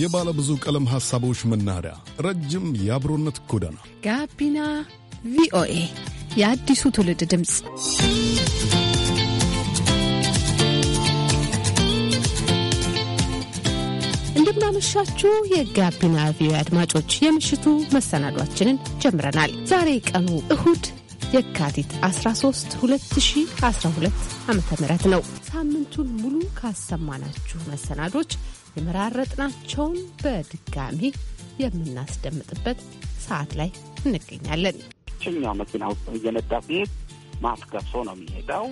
የባለ ብዙ ቀለም ሐሳቦች መናኸሪያ፣ ረጅም የአብሮነት ጎዳና ጋቢና ቪኦኤ የአዲሱ ትውልድ ድምፅ። እንደምናመሻችሁ የጋቢና ቪኦኤ አድማጮች፣ የምሽቱ መሰናዷችንን ጀምረናል። ዛሬ ቀኑ እሁድ የካቲት 13 2012 ዓ ም ነው። ሳምንቱን ሙሉ ካሰማናችሁ መሰናዶች የመራረጥናቸውን በድጋሚ የምናስደምጥበት ሰዓት ላይ እንገኛለን። ችኛው መኪና ውስጥ እየነዳ ሲሄድ ማስክ ለብሶ ነው የሚሄደው።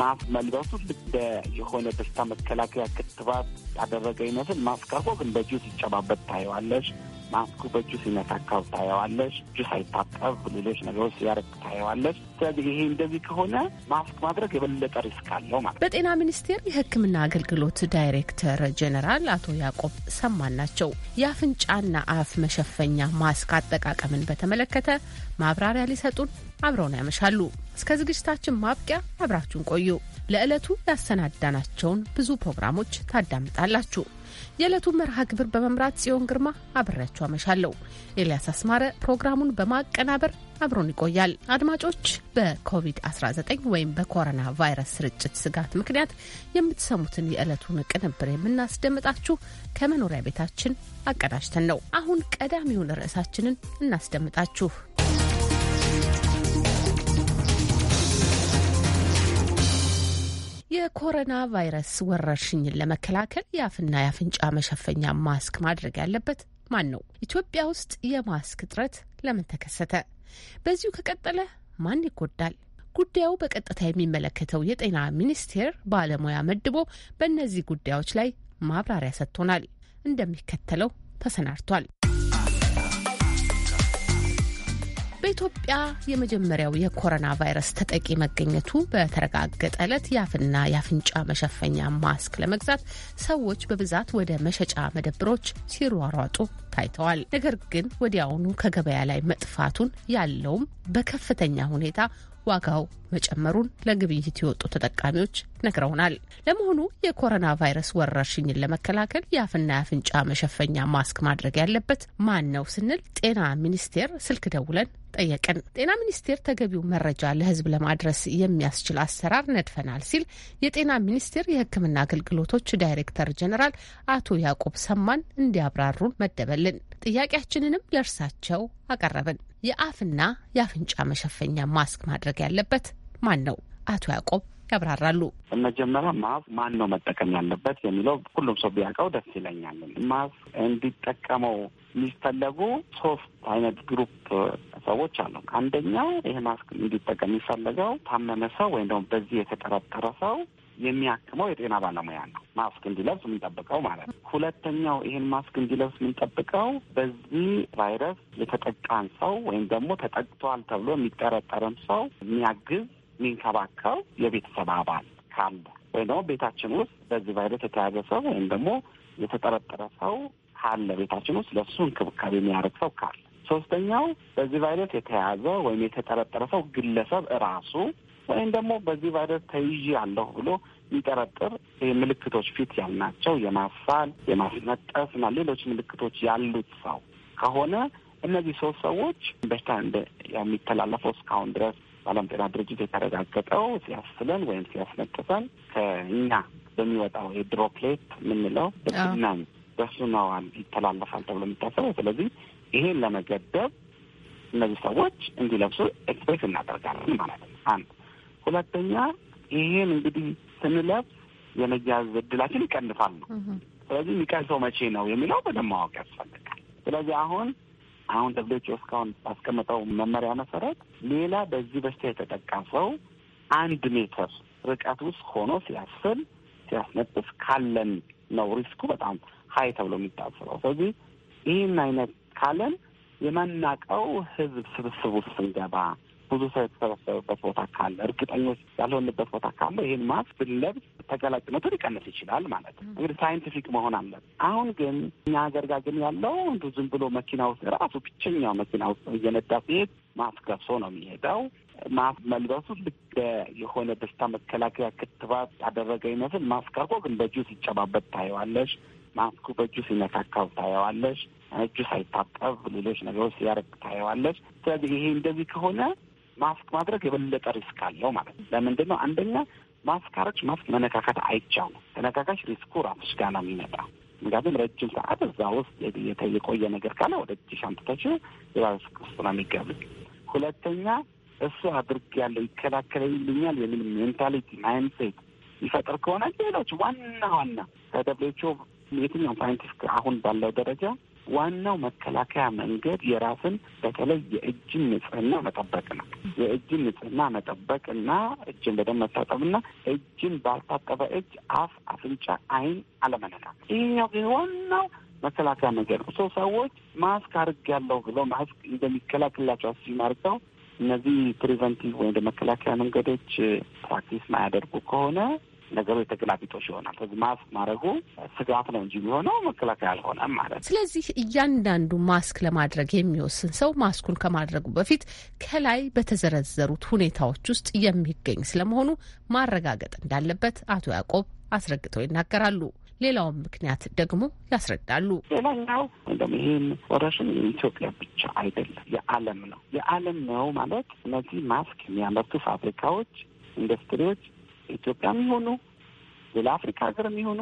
ማስክ መልበሱ እንደ የሆነ በሽታ መከላከያ ክትባት ያደረገ ይመስል ማስክ አርጎ ግን በእጁ ሲጨባበት ታየዋለች። ማስኩ በእጁ ሲነካካው ታየዋለሽ። እጁ ሳይታጠብ ሌሎች ነገሮች ሲያደርግ ታየዋለሽ። ስለዚህ ይሄ እንደዚህ ከሆነ ማስክ ማድረግ የበለጠ ሪስክ አለው ማለት። በጤና ሚኒስቴር የሕክምና አገልግሎት ዳይሬክተር ጀኔራል አቶ ያዕቆብ ሰማን ናቸው። የአፍንጫና አፍ መሸፈኛ ማስክ አጠቃቀምን በተመለከተ ማብራሪያ ሊሰጡን አብረውን ያመሻሉ። እስከ ዝግጅታችን ማብቂያ አብራችሁን ቆዩ። ለዕለቱ ያሰናዳናቸውን ብዙ ፕሮግራሞች ታዳምጣላችሁ። የዕለቱ መርሃ ግብር በመምራት ጽዮን ግርማ አብሬያቸው አመሻለሁ። ኤልያስ አስማረ ፕሮግራሙን በማቀናበር አብሮን ይቆያል። አድማጮች፣ በኮቪድ-19 ወይም በኮሮና ቫይረስ ስርጭት ስጋት ምክንያት የምትሰሙትን የዕለቱን ቅንብር የምናስደምጣችሁ ከመኖሪያ ቤታችን አቀዳጅተን ነው። አሁን ቀዳሚውን ርዕሳችንን እናስደምጣችሁ። የኮሮና ቫይረስ ወረርሽኝን ለመከላከል የአፍና የአፍንጫ መሸፈኛ ማስክ ማድረግ ያለበት ማን ነው? ኢትዮጵያ ውስጥ የማስክ እጥረት ለምን ተከሰተ? በዚሁ ከቀጠለ ማን ይጎዳል? ጉዳዩ በቀጥታ የሚመለከተው የጤና ሚኒስቴር ባለሙያ መድቦ በእነዚህ ጉዳዮች ላይ ማብራሪያ ሰጥቶናል። እንደሚከተለው ተሰናድቷል። በኢትዮጵያ የመጀመሪያው የኮሮና ቫይረስ ተጠቂ መገኘቱ በተረጋገጠ ዕለት የአፍና የአፍንጫ መሸፈኛ ማስክ ለመግዛት ሰዎች በብዛት ወደ መሸጫ መደብሮች ሲሯሯጡ ታይተዋል። ነገር ግን ወዲያውኑ ከገበያ ላይ መጥፋቱን ያለውም በከፍተኛ ሁኔታ ዋጋው መጨመሩን ለግብይት የወጡ ተጠቃሚዎች ነግረውናል። ለመሆኑ የኮሮና ቫይረስ ወረርሽኝን ለመከላከል የአፍና የአፍንጫ መሸፈኛ ማስክ ማድረግ ያለበት ማን ነው ስንል ጤና ሚኒስቴር ስልክ ደውለን ጠየቅን። ጤና ሚኒስቴር ተገቢው መረጃ ለሕዝብ ለማድረስ የሚያስችል አሰራር ነድፈናል ሲል የጤና ሚኒስቴር የሕክምና አገልግሎቶች ዳይሬክተር ጀኔራል አቶ ያዕቆብ ሰማን እንዲያብራሩን መደበልን። ጥያቄያችንንም ለእርሳቸው አቀረብን። የአፍና የአፍንጫ መሸፈኛ ማስክ ማድረግ ያለበት ማን ነው? አቶ ያዕቆብ ያብራራሉ። መጀመሪያ ማስክ ማን ነው መጠቀም ያለበት የሚለው ሁሉም ሰው ቢያውቀው ደስ ይለኛል። ማስክ እንዲጠቀመው የሚፈለጉ ሶስት አይነት ግሩፕ ሰዎች አሉ። አንደኛው ይሄ ማስክ እንዲጠቀም የሚፈለገው ታመመ ሰው ወይም ደግሞ በዚህ የተጠረጠረ ሰው የሚያክመው የጤና ባለሙያ ነው። ማስክ እንዲለብስ የምንጠብቀው ማለት ነው። ሁለተኛው ይህን ማስክ እንዲለብስ የምንጠብቀው በዚህ ቫይረስ የተጠቃን ሰው ወይም ደግሞ ተጠቅቷል ተብሎ የሚጠረጠርም ሰው የሚያግዝ የሚንከባከብ የቤተሰብ አባል ካለ ወይም ደግሞ ቤታችን ውስጥ በዚህ ቫይረስ የተያዘ ሰው ወይም ደግሞ የተጠረጠረ ሰው ካለ ቤታችን ውስጥ ለእሱ እንክብካቤ የሚያደርግ ሰው ካለ ሶስተኛው በዚህ ቫይረስ የተያዘ ወይም የተጠረጠረ ሰው ግለሰብ ራሱ ወይም ደግሞ በዚህ ቫይረስ ተይዥ ያለሁ ብሎ የሚጠረጥር ምልክቶች ፊት ያልናቸው የማሳል፣ የማስነጠስ እና ሌሎች ምልክቶች ያሉት ሰው ከሆነ እነዚህ ሶስት ሰዎች በሽታ የሚተላለፈው እስካሁን ድረስ በዓለም ጤና ድርጅት የተረጋገጠው ሲያስለን ወይም ሲያስነጥሰን ከእኛ በሚወጣው የድሮፕሌት የምንለው በስናኝ በስናዋል ይተላለፋል ተብሎ የሚታሰበው። ስለዚህ ይሄን ለመገደብ እነዚህ ሰዎች እንዲለብሱ ኤክስፔክት እናደርጋለን ማለት ነው አንድ ሁለተኛ ይህን እንግዲህ ስንለብስ የመያዝ እድላችን ይቀንሳል ነው። ስለዚህ የሚቀንሰው መቼ ነው የሚለው በደንብ ማወቅ ያስፈልጋል። ስለዚህ አሁን አሁን ደብዶች እስካሁን ባስቀመጠው መመሪያ መሰረት ሌላ በዚህ በሽታ የተጠቀሰው አንድ ሜትር ርቀት ውስጥ ሆኖ ሲያስል ሲያስነጥስ ካለን ነው ሪስኩ በጣም ሀይ ተብሎ የሚታስበው። ስለዚህ ይህን አይነት ካለን የማናቀው ህዝብ ስብስብ ውስጥ ስንገባ ብዙ ሰው የተሰበሰበበት ቦታ ካለ፣ እርግጠኞች ያልሆንበት ቦታ ካለ ይህን ማስክ ብንለብስ ተገላጭነቱ ሊቀንስ ይችላል ማለት ነው። እንግዲህ ሳይንቲፊክ መሆን አለ። አሁን ግን እኛ ሀገር ጋር ግን ያለው እንዱ ዝም ብሎ መኪና ውስጥ ራሱ ብቸኛው መኪና ውስጥ እየነዳ ሲሄድ ማስክ ለብሶ ነው የሚሄደው። ማስክ መልበሱ ልክ የሆነ በሽታ መከላከያ ክትባት ያደረገ ይመስል ማስክ አድርጎ ግን በእጁ ሲጨባበጥ ታየዋለሽ። ማስኩ በእጁ ሲነካካው ታየዋለሽ። እጁ ሳይታጠብ ሌሎች ነገሮች ሲያደርግ ታየዋለች። ስለዚህ ይሄ እንደዚህ ከሆነ ማስክ ማድረግ የበለጠ ሪስክ አለው ማለት ነው። ለምንድን ነው? አንደኛ ማስክ አረች ማስክ መነካካት አይቻሉም። ተነካካሽ ሪስኩ ራስሽ ጋር ነው የሚመጣ። ምክንያቱም ረጅም ሰዓት እዛ ውስጥ የቆየ ነገር ካለ ወደ እጅሽ አምጥተሽው የቫይረስ ውስጥ ነው የሚገብል። ሁለተኛ እሱ አድርግ ያለው ይከላከልልኛል የሚል ሜንታሊቲ ማይንሴት ይፈጥር ከሆነ ሌሎች ዋና ዋና ከደብሌቾ የትኛውም ሳይንቲስት አሁን ባለው ደረጃ ዋናው መከላከያ መንገድ የራስን በተለይ የእጅን ንጽህና መጠበቅ ነው። የእጅን ንጽህና መጠበቅ እና እጅን በደንብ መታጠብና እጅን ባልታጠበ እጅ አፍ፣ አፍንጫ፣ አይን አለመነካት። ይህኛው ግን ዋናው መከላከያ መንገድ ነው። ሰው ሰዎች ማስክ ያለው ብለው ማስክ እንደሚከላከልላቸው አስሲም እነዚህ ፕሪቨንቲቭ ወይም መከላከያ መንገዶች ፕራክቲስ ማያደርጉ ከሆነ ነገሩ የተገላቢጦች ይሆናል። ተግማፍ ማድረጉ ስጋት ነው እንጂ የሚሆነው መከላከያ አልሆነም ማለት ነው። ስለዚህ እያንዳንዱ ማስክ ለማድረግ የሚወስን ሰው ማስኩን ከማድረጉ በፊት ከላይ በተዘረዘሩት ሁኔታዎች ውስጥ የሚገኝ ስለመሆኑ ማረጋገጥ እንዳለበት አቶ ያዕቆብ አስረግጠው ይናገራሉ። ሌላውን ምክንያት ደግሞ ያስረዳሉ። ሌላኛው እንደውም ይህን ወረርሽኝ የኢትዮጵያ ብቻ አይደለም፣ የዓለም ነው። የዓለም ነው ማለት እነዚህ ማስክ የሚያመርቱ ፋብሪካዎች፣ ኢንዱስትሪዎች ኢትዮጵያ የሚሆኑ ሌላ አፍሪካ ሀገር የሚሆኑ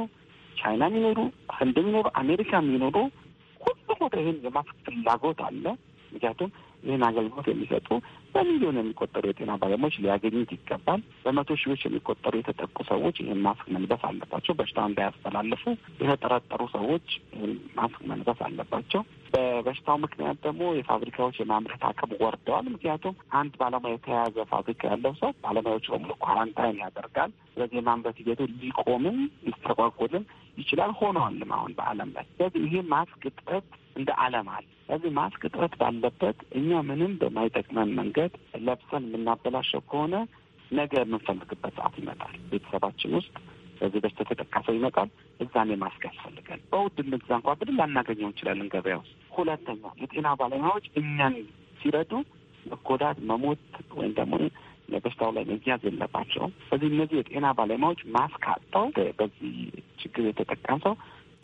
ቻይና የሚኖሩ ህንድ የሚኖሩ አሜሪካ የሚኖሩ ሁሉ ወደ ይህን የማፍ ፍላጎት አለ። ምክንያቱም ይህን አገልግሎት የሚሰጡ በሚሊዮን የሚቆጠሩ የጤና ባለሙያዎች ሊያገኙት ይገባል። በመቶ ሺዎች የሚቆጠሩ የተጠቁ ሰዎች ይህን ማስክ መልበስ አለባቸው። በሽታ እንዳያስተላልፉ የተጠረጠሩ ሰዎች ይህን ማስክ መልበስ አለባቸው። በበሽታው ምክንያት ደግሞ የፋብሪካዎች የማምረት አቅም ወርደዋል። ምክንያቱም አንድ ባለሙያ የተያዘ ፋብሪካ ያለው ሰው ባለሙያዎች በሙሉ ኳራንታይን ያደርጋል። ስለዚህ የማምረት ሂደቱ ሊቆምም ሊስተጓጎልም ይችላል። ሆኗልም አሁን በዓለም ላይ ስለዚህ ይሄ ማስክ እጥረት እንደ ዓለም አለ። ስለዚህ ማስክ እጥረት ባለበት እኛ ምንም በማይጠቅመን መንገድ ለብሰን የምናበላሸው ከሆነ ነገ የምንፈልግበት ሰዓት ይመጣል ቤተሰባችን ውስጥ በዚህ ተጠቃሰው ይመጣል። እዛን የማስክ ያስፈልጋል። በውድ እንግዛ እንኳ ብድን ላናገኘው እንችላለን ገበያ ውስጥ። ሁለተኛ የጤና ባለሙያዎች እኛን ሲረዱ መጎዳት፣ መሞት ወይም ደግሞ በሽታው ላይ መያዝ የለባቸውም። በዚህ እነዚህ የጤና ባለሙያዎች ማስክ አጥተው በዚህ ችግር የተጠቀሰው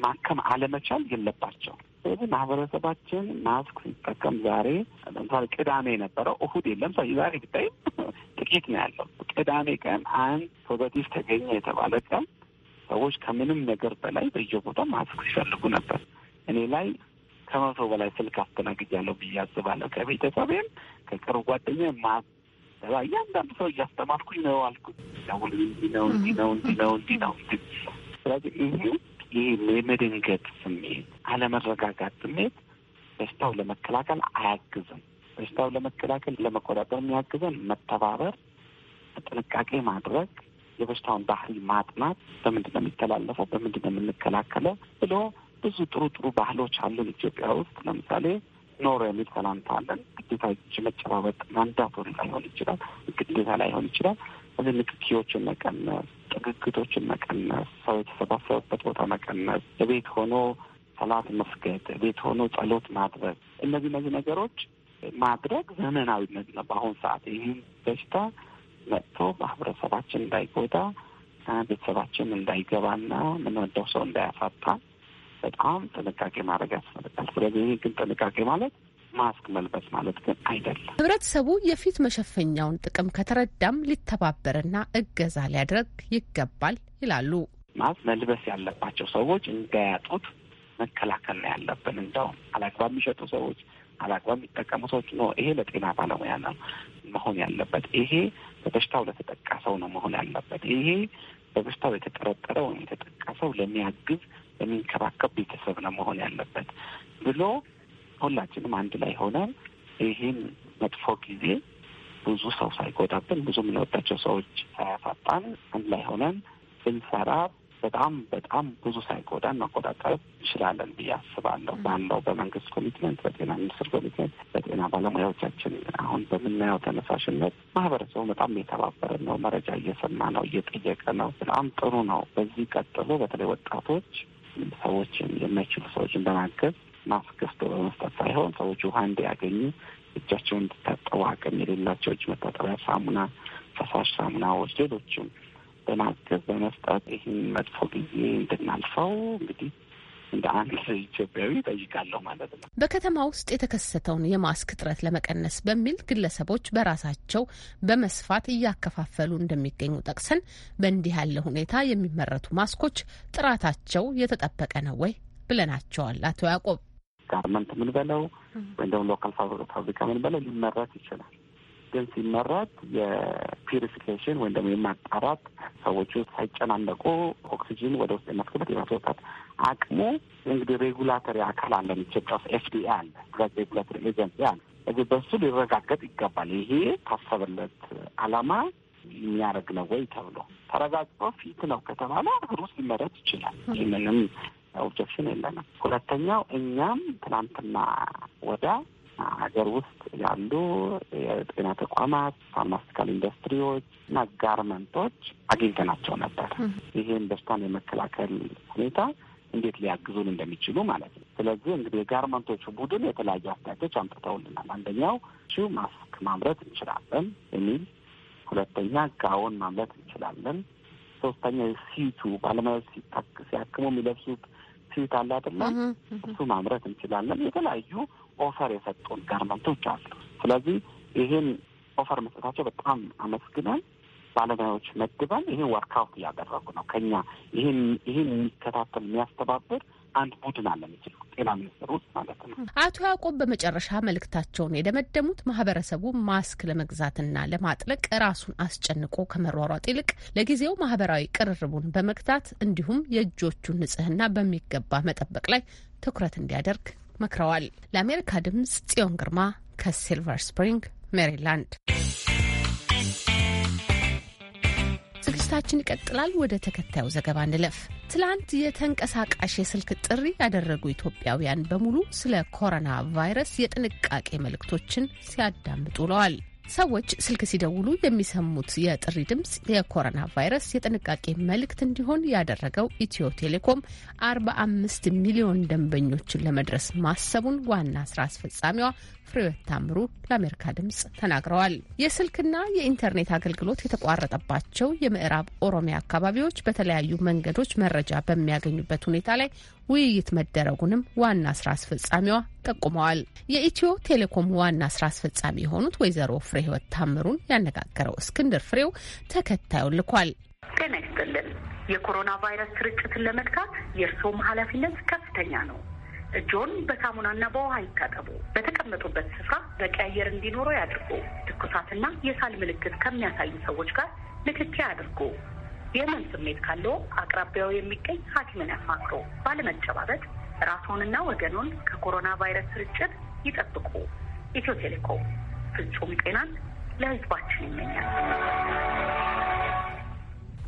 ማከም አለመቻል የለባቸው። ስለዚህ ማህበረሰባችን ማስክ ሲጠቀም ዛሬ ለምሳሌ ቅዳሜ የነበረው እሁድ የለም ዛሬ ብታይ ጥቂት ነው ያለው። ቅዳሜ ቀን አንድ ፖዘቲቭ ተገኘ የተባለ ቀን ሰዎች ከምንም ነገር በላይ በየቦታው ማስክ ሲፈልጉ ነበር። እኔ ላይ ከመቶ በላይ ስልክ አስተናግጃለሁ ብዬ አስባለሁ። ከቤተሰቤም ከቅርብ ጓደኛ ማስ እያንዳንዱ ሰው እያስተማርኩኝ ነው አልኩ። ደውል እንዲህ ነው እንዲህ ነው እንዲህ ነው እንዲህ ነው። ስለዚህ ይሄ ይህ የመደንገጥ ስሜት፣ አለመረጋጋት ስሜት በሽታው ለመከላከል አያግዝም። በሽታው ለመከላከል ለመቆጣጠር የሚያግዘን መተባበር፣ ጥንቃቄ ማድረግ፣ የበሽታውን ባህሪ ማጥናት፣ በምንድን ነው የሚተላለፈው፣ በምንድን ነው የምንከላከለው ብሎ ብዙ ጥሩ ጥሩ ባህሎች አሉን ኢትዮጵያ ውስጥ። ለምሳሌ ኖሮ የሚል ሰላምታ አለን። ግዴታ እጅ መጨባበጥ ማንዳቶሪ ላይሆን ይችላል፣ ግዴታ ላይሆን ይችላል። እዚህ ንክኪዎችን መቀነስ፣ ጥግግቶችን መቀነስ፣ ሰው የተሰባሰበበት ቦታ መቀነስ፣ ቤት ሆኖ ሰላት መስገድ፣ ቤት ሆኖ ጸሎት ማድረግ እነዚህ እነዚህ ነገሮች ማድረግ ዘመናዊነት ነው። በአሁን ሰዓት ይህም በሽታ መጥቶ ማህበረሰባችን እንዳይጎዳ ቤተሰባችን እንዳይገባና የምንወደው ሰው እንዳያፋታ በጣም ጥንቃቄ ማድረግ ያስፈልጋል። ስለዚህ ይህ ግን ጥንቃቄ ማለት ማስክ መልበስ ማለት ግን አይደለም። ህብረተሰቡ የፊት መሸፈኛውን ጥቅም ከተረዳም ሊተባበርና እገዛ ሊያደርግ ይገባል ይላሉ። ማስክ መልበስ ያለባቸው ሰዎች እንዳያጡት መከላከል ነው ያለብን። እንደውም አላግባብ የሚሸጡ ሰዎች አላግባብ የሚጠቀሙ ሰዎች ነው። ይሄ ለጤና ባለሙያ ነው መሆን ያለበት። ይሄ በበሽታው ለተጠቃ ሰው ነው መሆን ያለበት። ይሄ በበሽታው የተጠረጠረ ወይም የተጠቃ ሰው ለሚያግዝ ለሚንከባከብ ቤተሰብ ነው መሆን ያለበት ብሎ ሁላችንም አንድ ላይ ሆነን ይህን መጥፎ ጊዜ ብዙ ሰው ሳይጎዳብን ብዙ የምንወዳቸው ሰዎች ሳያሳጣን አንድ ላይ ሆነን ስንሰራ በጣም በጣም ብዙ ሳይጎዳን መቆጣጠር እንችላለን ብዬ አስባለሁ። ባለው በመንግስት ኮሚትመንት፣ በጤና ሚኒስትር ኮሚትመንት፣ በጤና ባለሙያዎቻችን አሁን በምናየው ተነሳሽነት ማህበረሰቡ በጣም የተባበረ ነው። መረጃ እየሰማ ነው፣ እየጠየቀ ነው። በጣም ጥሩ ነው። በዚህ ቀጥሎ በተለይ ወጣቶች ሰዎችን የማይችሉ ሰዎችን በማገዝ ማስክ በመስጠት ሳይሆን ሰዎች ውሃ እንዲያገኙ እጃቸውን እንዲታጠቡ አቅም የሌላቸው እጅ መታጠቢያ ሳሙና፣ ፈሳሽ ሳሙናዎች፣ ሌሎችም በማገዝ በመስጠት ይህን መጥፎ ጊዜ እንድናልፈው እንግዲህ እንደ አንድ ኢትዮጵያዊ ጠይቃለሁ ማለት ነው። በከተማ ውስጥ የተከሰተውን የማስክ እጥረት ለመቀነስ በሚል ግለሰቦች በራሳቸው በመስፋት እያከፋፈሉ እንደሚገኙ ጠቅሰን በእንዲህ ያለ ሁኔታ የሚመረቱ ማስኮች ጥራታቸው የተጠበቀ ነው ወይ ብለናቸዋል። አቶ ያዕቆብ ጋርመንት ምንበለው ወይም ደግሞ ሎካል ፋብሪካ ምንበለው ሊመረት ይችላል ግን ሲመረት የፒሪፊኬሽን ወይም ደግሞ የማጣራት ሰዎቹ ሳይጨናነቁ ኦክሲጂን ወደ ውስጥ የማስገባት የማስወጣት አቅሙ እንግዲህ ሬጉላተሪ አካል አለን ኢትዮጵያ ውስጥ ኤፍዲኤ አለ፣ ሬጉላተሪ ኤጀንሲ አለ። እዚህ በሱ ሊረጋገጥ ይገባል። ይሄ ታሰበለት አላማ የሚያደርግ ነው ወይ ተብሎ ተረጋግጦ ፊት ነው ከተባለ ሩስ ሊመረት ይችላል። ይህንንም ኦብጀክሽን የለንም። ሁለተኛው እኛም ትናንትና ወዳ ሀገር ውስጥ ያሉ የጤና ተቋማት፣ ፋርማስቲካል ኢንዱስትሪዎች እና ጋርመንቶች አግኝተናቸው ነበር። ይህን በሽታን የመከላከል ሁኔታ እንዴት ሊያግዙን እንደሚችሉ ማለት ነው። ስለዚህ እንግዲህ የጋርመንቶቹ ቡድን የተለያዩ አስተያየቶች አምጥተውልናል። አንደኛው ሺው ማስክ ማምረት እንችላለን የሚል፣ ሁለተኛ ጋውን ማምረት እንችላለን፣ ሶስተኛ ሲቱ ባለሙያዎች ሲያክሙ የሚለብሱት ሲዩት አለ አይደለም እሱ ማምረት እንችላለን የተለያዩ ኦፈር የሰጡን ጋርመንቶች አሉ። ስለዚህ ይህን ኦፈር መስጠታቸው በጣም አመስግነን ባለሙያዎች መድበን ይህን ወርክአውት እያደረጉ ነው። ከኛ ይህን ይህን የሚከታተል የሚያስተባብር አንድ ቡድን አለ የሚችል ጤና ሚኒስትር ውስጥ ማለት ነው። አቶ ያዕቆብ በመጨረሻ መልእክታቸውን የደመደሙት ማህበረሰቡ ማስክ ለመግዛትና ለማጥለቅ ራሱን አስጨንቆ ከመሯሯጥ ይልቅ ለጊዜው ማህበራዊ ቅርርቡን በመግታት እንዲሁም የእጆቹን ንጽህና በሚገባ መጠበቅ ላይ ትኩረት እንዲያደርግ መክረዋል። ለአሜሪካ ድምጽ ጽዮን ግርማ ከሲልቨር ስፕሪንግ ሜሪላንድ። ዝግጅታችን ይቀጥላል። ወደ ተከታዩ ዘገባ እንለፍ። ትላንት የተንቀሳቃሽ የስልክ ጥሪ ያደረጉ ኢትዮጵያውያን በሙሉ ስለ ኮሮና ቫይረስ የጥንቃቄ መልእክቶችን ሲያዳምጡ ውለዋል። ሰዎች ስልክ ሲደውሉ የሚሰሙት የጥሪ ድምፅ የኮሮና ቫይረስ የጥንቃቄ መልእክት እንዲሆን ያደረገው ኢትዮ ቴሌኮም 45 ሚሊዮን ደንበኞችን ለመድረስ ማሰቡን ዋና ስራ አስፈጻሚዋ ፍሬወት ታምሩ ለአሜሪካ ድምፅ ተናግረዋል። የስልክና የኢንተርኔት አገልግሎት የተቋረጠባቸው የምዕራብ ኦሮሚያ አካባቢዎች በተለያዩ መንገዶች መረጃ በሚያገኙበት ሁኔታ ላይ ውይይት መደረጉንም ዋና ስራ አስፈጻሚዋ ጠቁመዋል። የኢትዮ ቴሌኮም ዋና ስራ አስፈጻሚ የሆኑት ወይዘሮ ፍሬ ህይወት ታምሩን ያነጋገረው እስክንድር ፍሬው ተከታዩን ልኳል። ጤና ይስጥልን። የኮሮና ቫይረስ ስርጭትን ለመግታት የእርስዎም ኃላፊነት ከፍተኛ ነው። እጆን በሳሙናና በውሃ ይታጠቡ። በተቀመጡበት ስፍራ በቂ አየር እንዲኖረው ያድርጉ። ትኩሳትና የሳል ምልክት ከሚያሳዩ ሰዎች ጋር ንክኪ አድርጉ። የህመም ስሜት ካለው አቅራቢያው የሚገኝ ሐኪምን ያማክሮ ባለመጨባበጥ ራስዎንና ወገኑን ከኮሮና ቫይረስ ስርጭት ይጠብቁ። ኢትዮ ቴሌኮም ፍጹም ጤናን ለህዝባችን ይመኛል።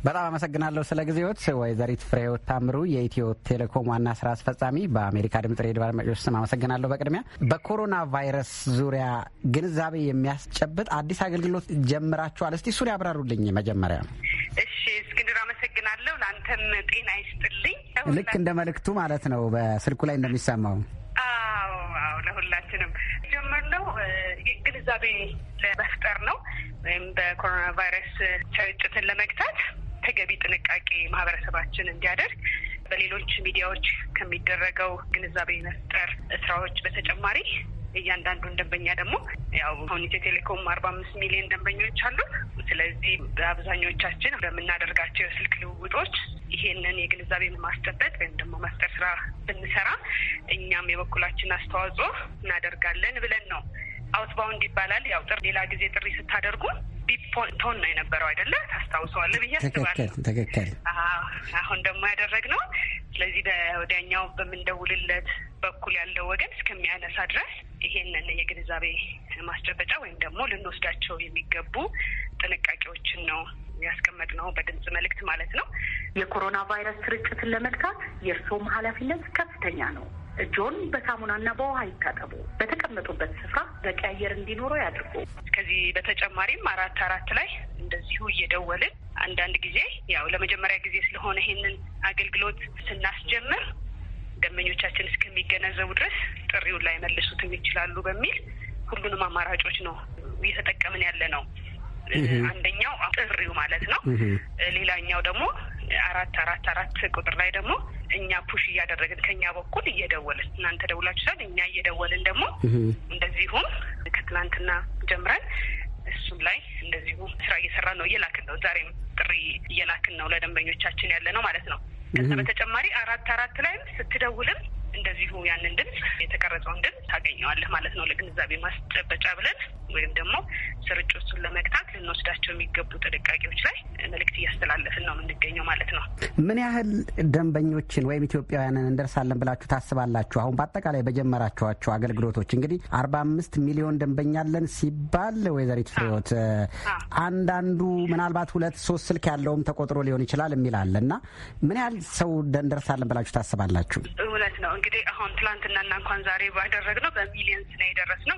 በጣም አመሰግናለሁ ስለ ጊዜዎት። ወይዘሪት ፍሬህይወት ታምሩ የኢትዮ ቴሌኮም ዋና ስራ አስፈጻሚ፣ በአሜሪካ ድምጽ ሬዲዮ አድማጮች ስም አመሰግናለሁ። በቅድሚያ በኮሮና ቫይረስ ዙሪያ ግንዛቤ የሚያስጨብጥ አዲስ አገልግሎት ጀምራችኋል። እስቲ እሱን ያብራሩልኝ መጀመሪያ። እናንተም ጤና ይስጥልኝ። ልክ እንደ መልእክቱ ማለት ነው በስልኩ ላይ እንደሚሰማው። አዎ አዎ፣ ለሁላችንም ጀመርነው ግንዛቤ ለመፍጠር ነው ወይም በኮሮና ቫይረስ ስርጭትን ለመግታት ተገቢ ጥንቃቄ ማህበረሰባችን እንዲያደርግ በሌሎች ሚዲያዎች ከሚደረገው ግንዛቤ መፍጠር ስራዎች በተጨማሪ እያንዳንዱን ደንበኛ ደግሞ ያው አሁን ኢትዮ ቴሌኮም አርባ አምስት ሚሊዮን ደንበኞች አሉ። ስለዚህ በአብዛኞቻችን በምናደርጋቸው የስልክ ልውውጦች ይሄንን የግንዛቤ ማስጨበጥ ወይም ደግሞ መፍጠር ስራ ብንሰራ እኛም የበኩላችን አስተዋጽኦ እናደርጋለን ብለን ነው። አውትባውንድ ይባላል። ያው ጥር ሌላ ጊዜ ጥሪ ስታደርጉ ቢፖንቶን ነው የነበረው አይደለ? ታስታውሰዋለህ ብዬ አስባለሁ። ትክክል። አሁን ደግሞ ነው። ስለዚህ ወዲያኛው በምንደውልለት በኩል ያለው ወገን እስከሚያነሳ ድረስ ይሄንን የግንዛቤ ማስጨበጫ ወይም ደግሞ ልንወስዳቸው የሚገቡ ጥንቃቄዎችን ነው ነው በድምጽ መልእክት ማለት ነው። የኮሮና ቫይረስ ስርጭትን ለመግታት የእርስዎም ኃላፊነት ከፍተኛ ነው። እጆን በሳሙናና በውሃ ይታጠቡ። በተቀመጡበት ስፍራ በቂ አየር እንዲኖረው ያድርጉ። ከዚህ በተጨማሪም አራት አራት ላይ እንደዚሁ እየደወልን አንዳንድ ጊዜ ያው ለመጀመሪያ ጊዜ ስለሆነ ይሄንን አገልግሎት ስናስጀምር ደንበኞቻችን እስከሚገነዘቡ ድረስ ጥሪውን ላይ መልሱትም ይችላሉ በሚል ሁሉንም አማራጮች ነው እየተጠቀምን ያለ ነው። አንደኛው ጥሪው ማለት ነው። ሌላኛው ደግሞ አራት አራት አራት ቁጥር ላይ ደግሞ እኛ ፑሽ እያደረግን ከኛ በኩል እየደወልን እናንተ ደውላችኋል፣ እኛ እየደወልን ደግሞ እንደዚሁም ከትናንትና ጀምረን እሱም ላይ እንደዚሁ ስራ እየሰራ ነው። እየላክን ነው። ዛሬም ጥሪ እየላክን ነው ለደንበኞቻችን ያለ ነው ማለት ነው። ከዛ በተጨማሪ አራት አራት ላይም ስትደውልም እንደዚሁ ያንን ድምፅ የተቀረጸውን ድምፅ ታገኘዋለህ ማለት ነው። ለግንዛቤ ማስጨበጫ ብለን ወይም ደግሞ ስርጭቱን ለመግታት ልንወስዳቸው የሚገቡ ጥንቃቄዎች ላይ መልእክት እያስተላለፍን ነው የምንገኘው ማለት ነው። ምን ያህል ደንበኞችን ወይም ኢትዮጵያውያንን እንደርሳለን ብላችሁ ታስባላችሁ? አሁን በአጠቃላይ በጀመራችኋቸው አገልግሎቶች እንግዲህ አርባ አምስት ሚሊዮን ደንበኛ አለን ሲባል ወይዘሪት ፍሬወት አንዳንዱ ምናልባት ሁለት ሶስት ስልክ ያለውም ተቆጥሮ ሊሆን ይችላል የሚል አለ እና ምን ያህል ሰው እንደርሳለን ብላችሁ ታስባላችሁ? እውነት ነው እንግዲህ አሁን ትላንትናና እንኳን ዛሬ ባደረግነው በሚሊየንስ ነው የደረስነው።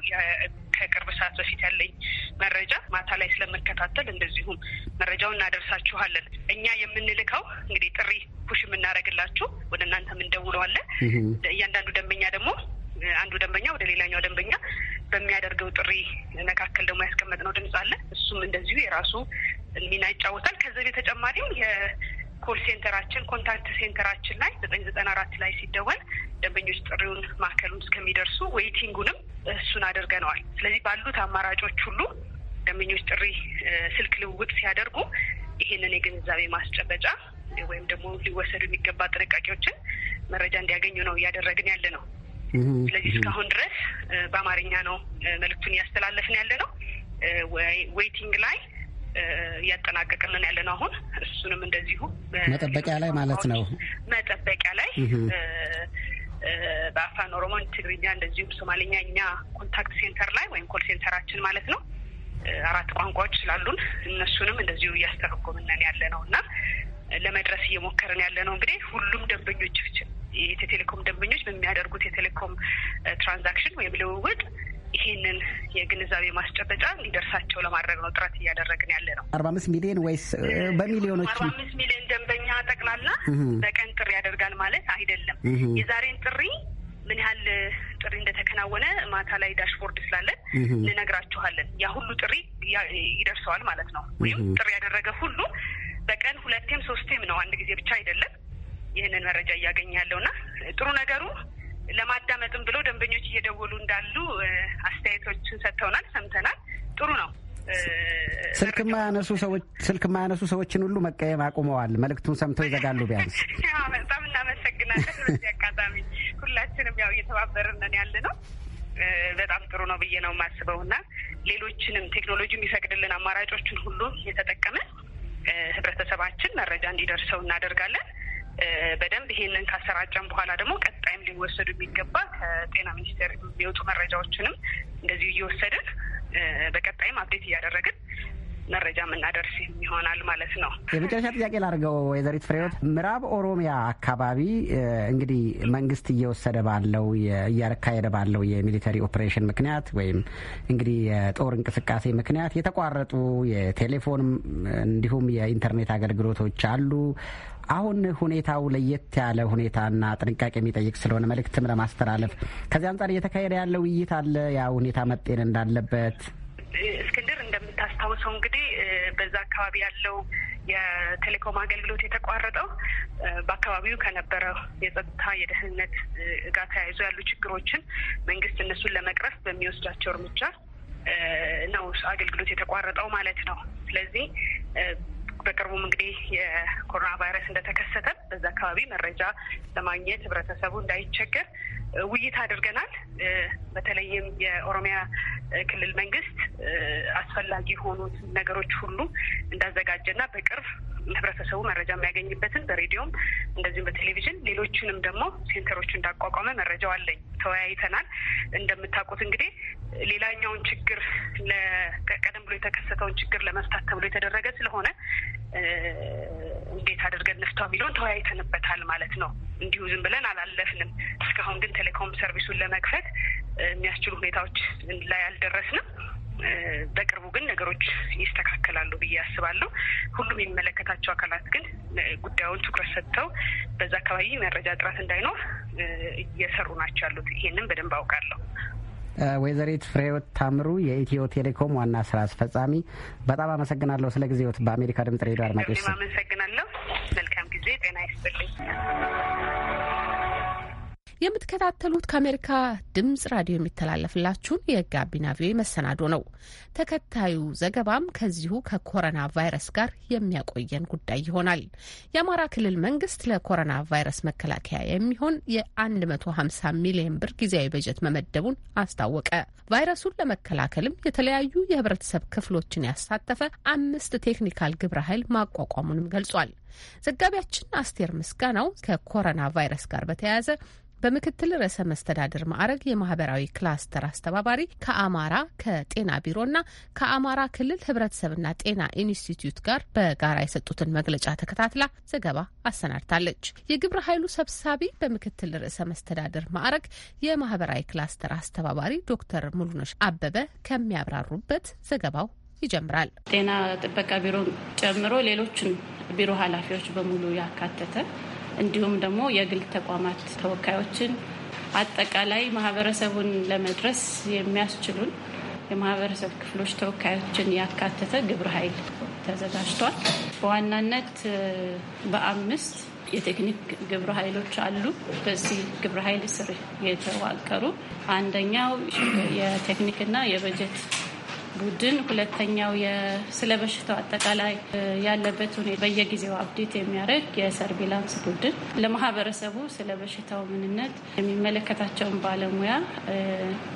ከቅርብ ሰዓት በፊት ያለኝ መረጃ ማታ ላይ ስለመከታተል እንደዚሁም መረጃውን እናደርሳችኋለን። እኛ የምንልከው እንግዲህ ጥሪ ፑሽ የምናደርግላችሁ ወደ እናንተ እንደውለዋለን። እያንዳንዱ ደንበኛ ደግሞ አንዱ ደንበኛ ወደ ሌላኛው ደንበኛ በሚያደርገው ጥሪ መካከል ደግሞ ያስቀመጥነው ድምጽ አለ። እሱም እንደዚሁ የራሱ ሚና ይጫወታል። ከዚህ በተጨማሪም ኮል ሴንተራችን ኮንታክት ሴንተራችን ላይ ዘጠኝ ዘጠና አራት ላይ ሲደወል ደንበኞች ጥሪውን ማዕከሉን እስከሚደርሱ ዌይቲንጉንም እሱን አድርገነዋል። ስለዚህ ባሉት አማራጮች ሁሉ ደንበኞች ጥሪ ስልክ ልውውጥ ሲያደርጉ ይህንን የግንዛቤ ማስጨበጫ ወይም ደግሞ ሊወሰዱ የሚገባ ጥንቃቄዎችን መረጃ እንዲያገኙ ነው እያደረግን ያለ ነው። ስለዚህ እስካሁን ድረስ በአማርኛ ነው መልዕክቱን እያስተላለፍን ያለ ነው። ዌይቲንግ ላይ እያጠናቀቅልን ያለ ነው። አሁን እሱንም እንደዚሁ መጠበቂያ ላይ ማለት ነው መጠበቂያ ላይ በአፋን ኦሮሞን፣ ትግርኛ እንደዚሁም ሶማሌኛ እኛ ኮንታክት ሴንተር ላይ ወይም ኮል ሴንተራችን ማለት ነው አራት ቋንቋዎች ስላሉን እነሱንም እንደዚሁ እያስተረጎምነን ያለ ነው እና ለመድረስ እየሞከርን ያለ ነው። እንግዲህ ሁሉም ደንበኞች የኢትዮ ቴሌኮም ደንበኞች በሚያደርጉት የቴሌኮም ትራንዛክሽን ወይም ልውውጥ ይህንን የግንዛቤ ማስጨበጫ እንዲደርሳቸው ለማድረግ ነው ጥረት እያደረግን ያለ ነው። አርባ አምስት ሚሊዮን ወይስ በሚሊዮኖች? አርባ አምስት ሚሊዮን ደንበኛ ጠቅላላ በቀን ጥሪ ያደርጋል ማለት አይደለም። የዛሬን ጥሪ ምን ያህል ጥሪ እንደተከናወነ ማታ ላይ ዳሽቦርድ ስላለን እንነግራችኋለን። ያ ሁሉ ጥሪ ይደርሰዋል ማለት ነው። ወይም ጥሪ ያደረገ ሁሉ በቀን ሁለቴም ሶስቴም ነው፣ አንድ ጊዜ ብቻ አይደለም። ይህንን መረጃ እያገኘ ያለውና ጥሩ ነገሩ ለማዳመጥም ብሎ ደንበኞች እየደወሉ እንዳሉ አስተያየቶችን ሰጥተውናል፣ ሰምተናል። ጥሩ ነው። ስልክ የማያነሱ ሰዎች ስልክ የማያነሱ ሰዎችን ሁሉ መቀየም አቁመዋል። መልእክቱን ሰምተው ይዘጋሉ። ቢያንስ በጣም እናመሰግናለን። በዚህ አጋጣሚ ሁላችንም ያው እየተባበርነን ያለ ነው። በጣም ጥሩ ነው ብዬ ነው የማስበው እና ሌሎችንም ቴክኖሎጂ የሚፈቅድልን አማራጮችን ሁሉ የተጠቀመ ህብረተሰባችን መረጃ እንዲደርሰው እናደርጋለን። በደንብ ይሄንን ካሰራጨን በኋላ ደግሞ ቀጣይም ሊወሰዱ የሚገባ ከጤና ሚኒስቴር የሚወጡ መረጃዎችንም እንደዚሁ እየወሰድን በቀጣይም አብዴት እያደረግን መረጃ የምናደርስ ይሆናል ማለት ነው። የመጨረሻ ጥያቄ ላድርገው ወይዘሪት ፍሬወት፣ ምዕራብ ኦሮሚያ አካባቢ እንግዲህ መንግስት እየወሰደ ባለው እያካሄደ ባለው የሚሊተሪ ኦፕሬሽን ምክንያት ወይም እንግዲህ የጦር እንቅስቃሴ ምክንያት የተቋረጡ የቴሌፎን እንዲሁም የኢንተርኔት አገልግሎቶች አሉ። አሁን ሁኔታው ለየት ያለ ሁኔታና ጥንቃቄ የሚጠይቅ ስለሆነ መልእክትም ለማስተላለፍ ከዚህ አንጻር እየተካሄደ ያለ ውይይት አለ። ያ ሁኔታ መጤን እንዳለበት እስክንድር እንደምታስታውሰው እንግዲህ በዛ አካባቢ ያለው የቴሌኮም አገልግሎት የተቋረጠው በአካባቢው ከነበረው የጸጥታ የደህንነት ጋር ተያይዞ ያሉ ችግሮችን መንግስት እነሱን ለመቅረፍ በሚወስዳቸው እርምጃ ነው አገልግሎት የተቋረጠው ማለት ነው። ስለዚህ በቅርቡም እንግዲህ የኮሮና ቫይረስ እንደተከሰተ በዛ አካባቢ መረጃ ለማግኘት ህብረተሰቡ እንዳይቸገር ውይይት አድርገናል። በተለይም የኦሮሚያ ክልል መንግስት አስፈላጊ የሆኑት ነገሮች ሁሉ እንዳዘጋጀና በቅርብ ህብረተሰቡ መረጃ የሚያገኝበትን በሬዲዮም እንደዚሁም በቴሌቪዥን ሌሎቹንም ደግሞ ሴንተሮች እንዳቋቋመ መረጃው አለኝ። ተወያይተናል። እንደምታውቁት እንግዲህ ሌላኛውን ችግር ቀደም ብሎ የተከሰተውን ችግር ለመፍታት ተብሎ የተደረገ ስለሆነ እንዴት አድርገን ንፍታው የሚለውን ተወያይተንበታል ማለት ነው። እንዲሁ ዝም ብለን አላለፍንም። እስካሁን ግን ቴሌኮም ሰርቪሱን ለመክፈት የሚያስችሉ ሁኔታዎች ላይ አልደረስንም። ነገሮች ይስተካከላሉ ብዬ አስባለሁ። ሁሉም የሚመለከታቸው አካላት ግን ጉዳዩን ትኩረት ሰጥተው በዛ አካባቢ መረጃ ጥራት እንዳይኖር እየሰሩ ናቸው ያሉት። ይሄንን በደንብ አውቃለሁ። ወይዘሪት ፍሬህይወት ታምሩ የኢትዮ ቴሌኮም ዋና ስራ አስፈጻሚ፣ በጣም አመሰግናለሁ ስለ ጊዜዎት። በአሜሪካ ድምጽ ሬዲዮ አድማጮች አመሰግናለሁ። መልካም ጊዜ። ጤና ይስጥልኝ። የምትከታተሉት ከአሜሪካ ድምጽ ራዲዮ የሚተላለፍላችሁን የጋቢና ቪኦኤ መሰናዶ ነው። ተከታዩ ዘገባም ከዚሁ ከኮሮና ቫይረስ ጋር የሚያቆየን ጉዳይ ይሆናል። የአማራ ክልል መንግስት ለኮሮና ቫይረስ መከላከያ የሚሆን የ150 ሚሊዮን ብር ጊዜያዊ በጀት መመደቡን አስታወቀ። ቫይረሱን ለመከላከልም የተለያዩ የህብረተሰብ ክፍሎችን ያሳተፈ አምስት ቴክኒካል ግብረ ኃይል ማቋቋሙንም ገልጿል። ዘጋቢያችን አስቴር ምስጋናው ከኮሮና ቫይረስ ጋር በተያያዘ በምክትል ርዕሰ መስተዳድር ማዕረግ የማህበራዊ ክላስተር አስተባባሪ ከአማራ ከጤና ቢሮና ከአማራ ክልል ህብረተሰብና ጤና ኢንስቲትዩት ጋር በጋራ የሰጡትን መግለጫ ተከታትላ ዘገባ አሰናድታለች። የግብረ ኃይሉ ሰብሳቢ በምክትል ርዕሰ መስተዳድር ማዕረግ የማህበራዊ ክላስተር አስተባባሪ ዶክተር ሙሉነሽ አበበ ከሚያብራሩበት ዘገባው ይጀምራል። ጤና ጥበቃ ቢሮ ጨምሮ ሌሎችን ቢሮ ኃላፊዎች በሙሉ ያካተተ እንዲሁም ደግሞ የግል ተቋማት ተወካዮችን አጠቃላይ ማህበረሰቡን ለመድረስ የሚያስችሉን የማህበረሰብ ክፍሎች ተወካዮችን ያካተተ ግብረ ኃይል ተዘጋጅቷል። በዋናነት በአምስት የቴክኒክ ግብረ ኃይሎች አሉ። በዚህ ግብረ ኃይል ስር የተዋቀሩ አንደኛው የቴክኒክና የበጀት ቡድን ሁለተኛው ስለ በሽታው አጠቃላይ ያለበት ሁኔታ በየጊዜው አብዴት የሚያደርግ የሰርቪላንስ ቡድን ለማህበረሰቡ ስለ በሽታው ምንነት የሚመለከታቸውን ባለሙያ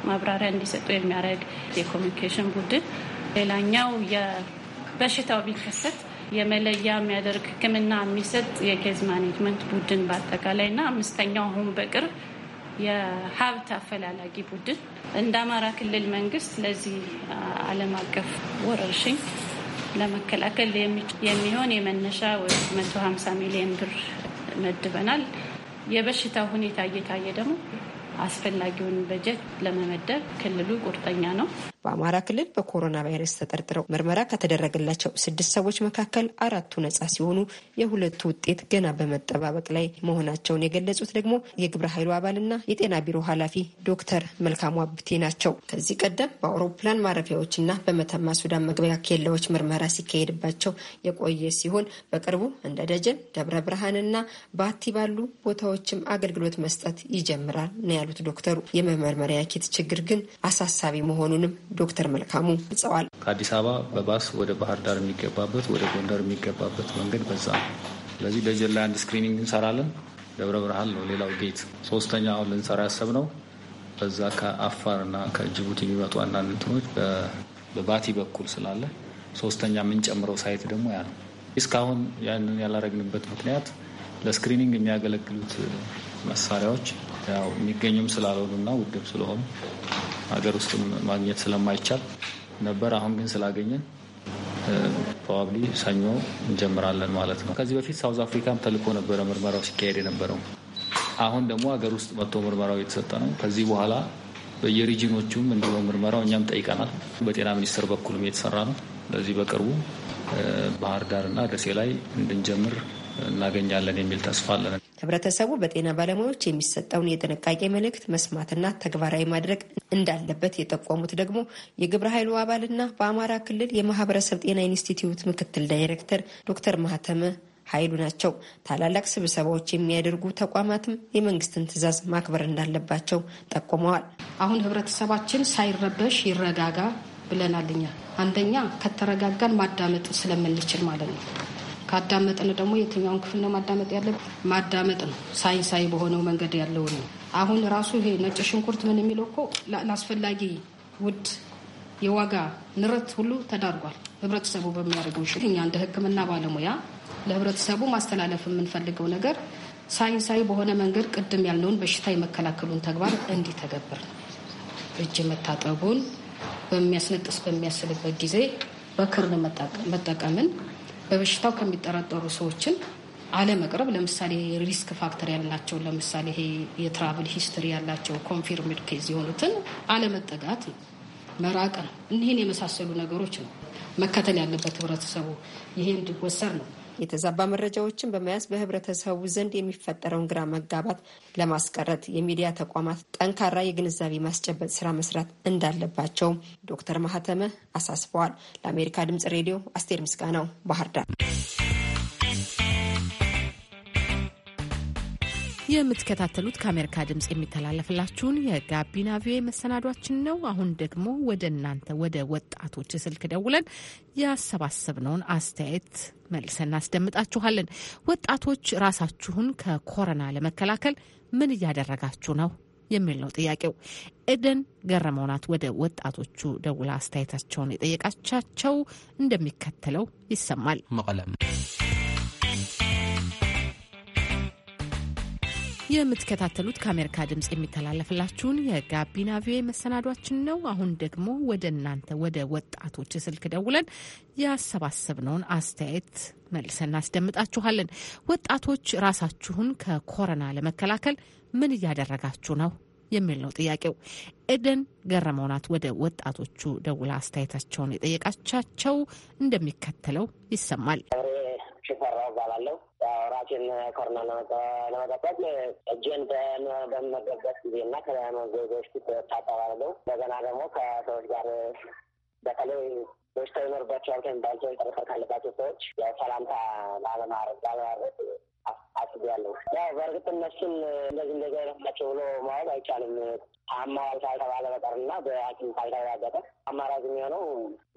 ማብራሪያ እንዲሰጡ የሚያደርግ የኮሚኒኬሽን ቡድን፣ ሌላኛው በሽታው ቢከሰት የመለያ የሚያደርግ ሕክምና የሚሰጥ የኬዝ ማኔጅመንት ቡድን በአጠቃላይ እና አምስተኛው አሁን በቅርብ የሀብት አፈላላጊ ቡድን እንደ አማራ ክልል መንግስት ለዚህ ዓለም አቀፍ ወረርሽኝ ለመከላከል የሚሆን የመነሻ ወ መቶ ሚሊዮን ብር መድበናል። የበሽታው ሁኔታ እየታየ ደግሞ አስፈላጊውን በጀት ለመመደብ ክልሉ ቁርጠኛ ነው። በአማራ ክልል በኮሮና ቫይረስ ተጠርጥረው ምርመራ ከተደረገላቸው ስድስት ሰዎች መካከል አራቱ ነጻ ሲሆኑ የሁለቱ ውጤት ገና በመጠባበቅ ላይ መሆናቸውን የገለጹት ደግሞ የግብረ ኃይሉ አባልና የጤና ቢሮ ኃላፊ ዶክተር መልካሙ አብቴ ናቸው። ከዚህ ቀደም በአውሮፕላን ማረፊያዎችና በመተማ ሱዳን መግቢያ ኬላዎች ምርመራ ሲካሄድባቸው የቆየ ሲሆን በቅርቡ እንደ ደጀን፣ ደብረ ብርሃንና ባቲ ባሉ ቦታዎችም አገልግሎት መስጠት ይጀምራል ነው ያሉት ዶክተሩ። የመመርመሪያ ኪት ችግር ግን አሳሳቢ መሆኑንም ዶክተር መልካሙ ገልጸዋል። ከአዲስ አበባ በባስ ወደ ባህር ዳር የሚገባበት ወደ ጎንደር የሚገባበት መንገድ በዛ ነው። ስለዚህ ደጀን ላይ አንድ ስክሪኒንግ እንሰራለን። ደብረ ብርሃን ነው ሌላው ጌት። ሶስተኛ አሁን ልንሰራ ያሰብነው በዛ ከአፋር እና ከጅቡቲ የሚመጡ አንዳንድ እንትኖች በባቲ በኩል ስላለ ሶስተኛ የምንጨምረው ሳይት ደግሞ ያ ነው። እስካሁን ያንን ያላረግንበት ምክንያት ለስክሪኒንግ የሚያገለግሉት መሳሪያዎች ያው የሚገኙም ስላልሆኑ ውድም ስለሆኑ ሀገር ውስጥም ማግኘት ስለማይቻል ነበር። አሁን ግን ስላገኘን ፕሮባብሊ ሰኞ እንጀምራለን ማለት ነው። ከዚህ በፊት ሳውዝ አፍሪካም ተልኮ ነበረ ምርመራው ሲካሄድ የነበረው። አሁን ደግሞ ሀገር ውስጥ መጥቶ ምርመራው የተሰጠ ነው። ከዚህ በኋላ በየሪጂኖቹም እንዲሁ ምርመራው እኛም ጠይቀናል። በጤና ሚኒስቴር በኩልም የተሰራ ነው። ለዚህ በቅርቡ ባህር ዳርና ደሴ ላይ እንድንጀምር እናገኛለን የሚል ተስፋ አለን። ህብረተሰቡ በጤና ባለሙያዎች የሚሰጠውን የጥንቃቄ መልእክት መስማትና ተግባራዊ ማድረግ እንዳለበት የጠቆሙት ደግሞ የግብረ ኃይሉ አባልና በአማራ ክልል የማህበረሰብ ጤና ኢንስቲትዩት ምክትል ዳይሬክተር ዶክተር ማህተመ ኃይሉ ናቸው። ታላላቅ ስብሰባዎች የሚያደርጉ ተቋማትም የመንግስትን ትዕዛዝ ማክበር እንዳለባቸው ጠቁመዋል። አሁን ህብረተሰባችን ሳይረበሽ ይረጋጋ ብለናል። አንደኛ ከተረጋጋን ማዳመጥ ስለምንችል ማለት ነው። ካዳመጥን ደግሞ የትኛውን ክፍል ነው ማዳመጥ ያለብን? ማዳመጥ ነው። ሳይንሳዊ በሆነው መንገድ ያለውን ነው። አሁን ራሱ ይሄ ነጭ ሽንኩርት ምን የሚለው እኮ ለአስፈላጊ ውድ የዋጋ ንረት ሁሉ ተዳርጓል። ህብረተሰቡ በሚያደርገው ሽ እኛ እንደ ህክምና ባለሙያ ለህብረተሰቡ ማስተላለፍ የምንፈልገው ነገር ሳይንሳዊ በሆነ መንገድ ቅድም ያልነውን በሽታ የመከላከሉን ተግባር እንዲተገብር ነው። እጅ መታጠቡን በሚያስነጥስ በሚያስልበት ጊዜ በክርን መጠቀምን በበሽታው ከሚጠረጠሩ ሰዎችን አለመቅረብ ለምሳሌ ሪስክ ፋክተር ያላቸው ለምሳሌ ይሄ የትራቭል ሂስትሪ ያላቸው ኮንፊርምድ ኬዝ የሆኑትን አለመጠጋት ነው፣ መራቅ ነው። እኒህን የመሳሰሉ ነገሮች ነው መከተል ያለበት ህብረተሰቡ ይሄ እንዲወሰድ ነው። የተዛባ መረጃዎችን በመያዝ በህብረተሰቡ ዘንድ የሚፈጠረውን ግራ መጋባት ለማስቀረት የሚዲያ ተቋማት ጠንካራ የግንዛቤ ማስጨበጥ ስራ መስራት እንዳለባቸው ዶክተር ማህተመ አሳስበዋል። ለአሜሪካ ድምጽ ሬዲዮ አስቴር ምስጋናው ባህር ዳር። የምትከታተሉት ከአሜሪካ ድምፅ የሚተላለፍላችሁን የጋቢና ቪኦኤ መሰናዷችን ነው። አሁን ደግሞ ወደ እናንተ ወደ ወጣቶች ስልክ ደውለን ያሰባሰብነውን አስተያየት መልሰን እናስደምጣችኋለን። ወጣቶች ራሳችሁን ከኮረና ለመከላከል ምን እያደረጋችሁ ነው የሚል ነው ጥያቄው። ኤደን ገረመው ናት ወደ ወጣቶቹ ደውላ አስተያየታቸውን የጠየቃቻቸው እንደሚከተለው ይሰማል። መቀለም የምትከታተሉት ከአሜሪካ ድምፅ የሚተላለፍላችሁን የጋቢና ቪኦኤ መሰናዷችን ነው። አሁን ደግሞ ወደ እናንተ ወደ ወጣቶች ስልክ ደውለን ያሰባሰብነውን አስተያየት መልሰን እናስደምጣችኋለን። ወጣቶች ራሳችሁን ከኮረና ለመከላከል ምን እያደረጋችሁ ነው የሚል ነው ጥያቄው። ኤደን ገረመው ናት ወደ ወጣቶቹ ደውላ አስተያየታቸውን የጠየቃቻቸው እንደሚከተለው ይሰማል። ሽፈራው እባላለሁ። ራሴን ኮሮና ለመጠበቅ እጄን በምመገብበት ጊዜና ከመዘዞች ፊት ታጠባለሁ። እንደገና ደግሞ ከሰዎች ጋር በተለይ በሽታ ይኖርባቸው ያልተንባቸው ጠረጠር ካለባቸው ሰዎች ሰላምታ ላለማድረግ ላለማድረግ አስቤያለሁ። ያው በእርግጥ እነሱን እንደዚህ እንደዚህ አይነት ናቸው ብሎ ማለት አይቻልም። ታመዋል ካልተባለ በቀርና በሐኪም ካልተረጋገጠ አማራጭ የሚሆነው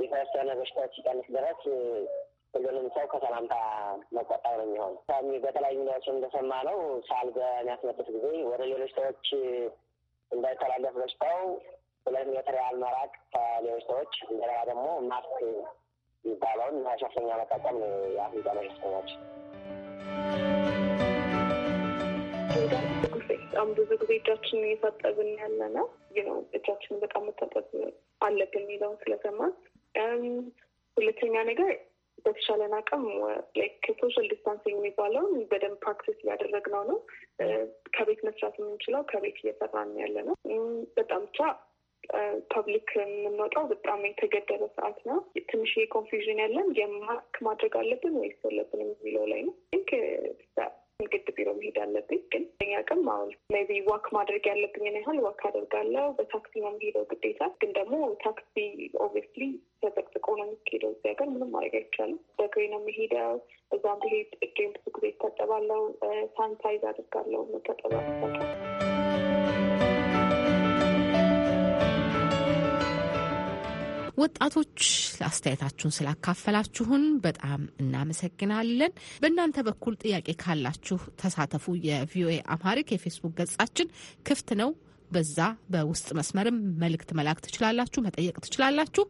የተወሰነ በሽታዎች ሲቀንስ ድረስ ሁሉንም ሰው ከሰላምታ መቆጠብ ነው የሚሆን። በተለያዩ ሚዲያዎች እንደሰማ ነው ሳል በሚያስመጡት ጊዜ ወደ ሌሎች ሰዎች እንዳይተላለፍ በሽታው ሁለት ሜትር ያህል መራቅ ከሌሎች ሰዎች እንደገና ደግሞ ማስክ የሚባለውን መሸፈኛ መጠቀም የአፍሪካ መሸፈኛች በጣም ብዙ ጊዜ እጃችንን እየታጠብን ያለ ነው ነው እጃችንን በጣም መታጠብ አለብን የሚለውን ስለሰማ ሁለተኛ ነገር በተሻለን አቅም ላይክ ሶሻል ዲስታንሲንግ የሚባለውን በደንብ ፕራክቲስ እያደረግ ነው። ነው ከቤት መስራት የምንችለው ከቤት እየሰራን ያለ ነው። በጣም ብቻ ፐብሊክ የምንወጣው በጣም የተገደበ ሰዓት ነው። ትንሽ ኮንፊዥን ያለን የማክ ማድረግ አለብን ወይስ አለብን የሚለው ላይ ነው። ንግድ ቢሮ መሄድ አለብኝ። ግን ኛ ቅም አሁን ሜይ ቢ ዋክ ማድረግ ያለብኝን ያህል ዋክ አደርጋለሁ። በታክሲ ነው የምሄደው ግዴታ። ግን ደግሞ ታክሲ ኦብቪየስሊ ተጠቅጥቆ ነው የሚሄደው። እዚያ ሀገር ምንም ማድረግ አይቻልም። በእግሬ ነው የሚሄደው። እዛም ብሄድ እጄን ብዙ ጊዜ ይታጠባለሁ። ሳንታይዝ eh, አድርጋለሁ መታጠባ ወጣቶች አስተያየታችሁን ስላካፈላችሁን በጣም እናመሰግናለን። በእናንተ በኩል ጥያቄ ካላችሁ ተሳተፉ። የቪኦኤ አማሪክ የፌስቡክ ገጻችን ክፍት ነው። በዛ በውስጥ መስመርም መልእክት መላክ ትችላላችሁ፣ መጠየቅ ትችላላችሁ።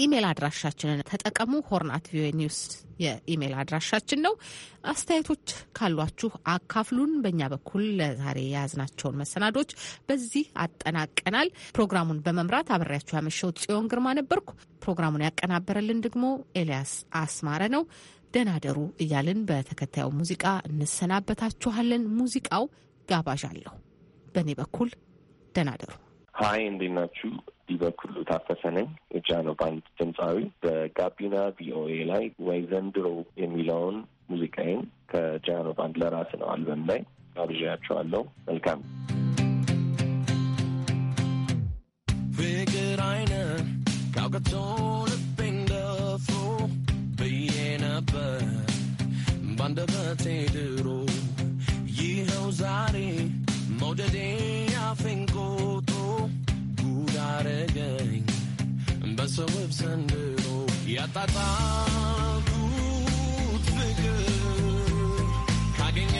ኢሜል አድራሻችንን ተጠቀሙ። ሆርናት አት ቪኦኤ ኒውስ የኢሜል አድራሻችን ነው። አስተያየቶች ካሏችሁ አካፍሉን። በእኛ በኩል ለዛሬ የያዝናቸውን መሰናዶች በዚህ አጠናቀናል። ፕሮግራሙን በመምራት አብሬያችሁ ያመሸው ጽዮን ግርማ ነበርኩ። ፕሮግራሙን ያቀናበረልን ደግሞ ኤልያስ አስማረ ነው። ደናደሩ እያልን በተከታዩ ሙዚቃ እንሰናበታችኋለን። ሙዚቃው ጋባዣ አለሁ በእኔ በኩል ደህና ሀይ እንዴት ናችሁ? ዲበኩሉ ታፈሰ ነኝ። የጃኖ ባንድ ድምፃዊ በጋቢና ቪኦኤ ላይ ወይ ዘንድሮ የሚለውን ሙዚቃዬን ከጃኖ ባንድ ለራስ ነው አልበም ላይ አብዣያቸዋለሁ። መልካም ፍቅር አይነ ካውቀቶ ብዬ ነበር ባንደበቴ ድሮ ይኸው ዛሬ መውደዴ አፈንቆቶ ጉዳረገኝ በሰበብ ሰንድሮ ያጣጣኩት ፍቅር ካገኘ